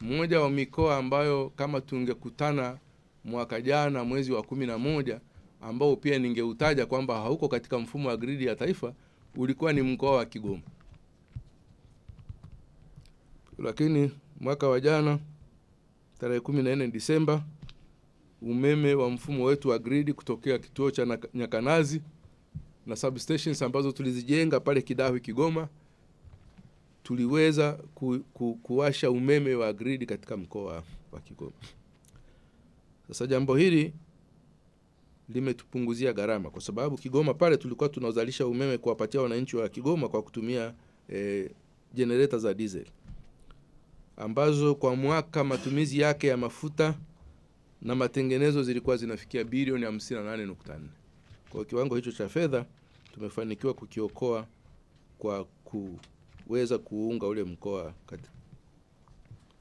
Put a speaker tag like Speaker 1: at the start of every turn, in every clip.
Speaker 1: mmoja wa mikoa ambayo kama tungekutana mwaka jana mwezi wa kumi na moja ambao pia ningeutaja kwamba hauko katika mfumo wa gridi ya taifa ulikuwa ni mkoa wa Kigoma, lakini mwaka wa jana tarehe nne Disemba umeme wa mfumo wetu wa gridi kutokea kituo cha Nyakanazi na substations ambazo tulizijenga pale Kidahwi, Kigoma tuliweza ku, ku, kuwasha umeme wa gridi katika mkoa wa Kigoma. Sasa jambo hili limetupunguzia gharama, kwa sababu Kigoma pale tulikuwa tunazalisha umeme kuwapatia wananchi wa Kigoma kwa kutumia eh, jenereta za diesel ambazo kwa mwaka matumizi yake ya mafuta na matengenezo zilikuwa zinafikia bilioni 58.4. Kwa kiwango hicho cha fedha tumefanikiwa kukiokoa kwa ku kuweza kuunga ule mkoa katika,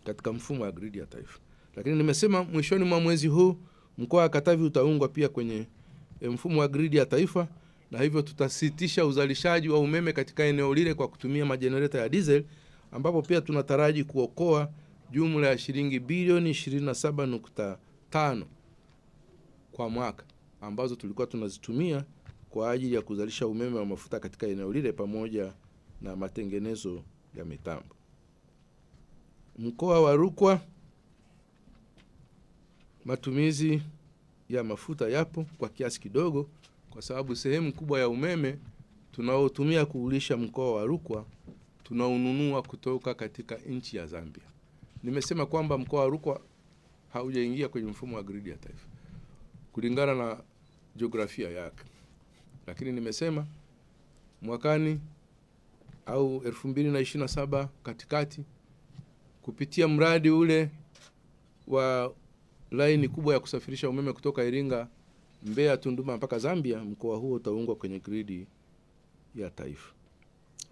Speaker 1: katika mfumo wa gridi ya taifa. Lakini nimesema mwishoni mwa mwezi huu mkoa wa Katavi utaungwa pia kwenye e, mfumo wa gridi ya taifa, na hivyo tutasitisha uzalishaji wa umeme katika eneo lile kwa kutumia majenereta ya diesel, ambapo pia tunataraji kuokoa jumla ya shilingi bilioni 27.5 kwa mwaka ambazo tulikuwa tunazitumia kwa ajili ya kuzalisha umeme wa mafuta katika eneo lile pamoja na matengenezo ya mitambo. Mkoa wa Rukwa, matumizi ya mafuta yapo kwa kiasi kidogo, kwa sababu sehemu kubwa ya umeme tunaotumia kuulisha mkoa wa Rukwa tunaununua kutoka katika nchi ya Zambia. Nimesema kwamba mkoa wa Rukwa haujaingia kwenye mfumo wa gridi ya taifa kulingana na jiografia yake, lakini nimesema mwakani au 2027 katikati kupitia mradi ule wa laini kubwa ya kusafirisha umeme kutoka Iringa, Mbeya, Tunduma mpaka Zambia, mkoa huo utaungwa kwenye gridi ya taifa.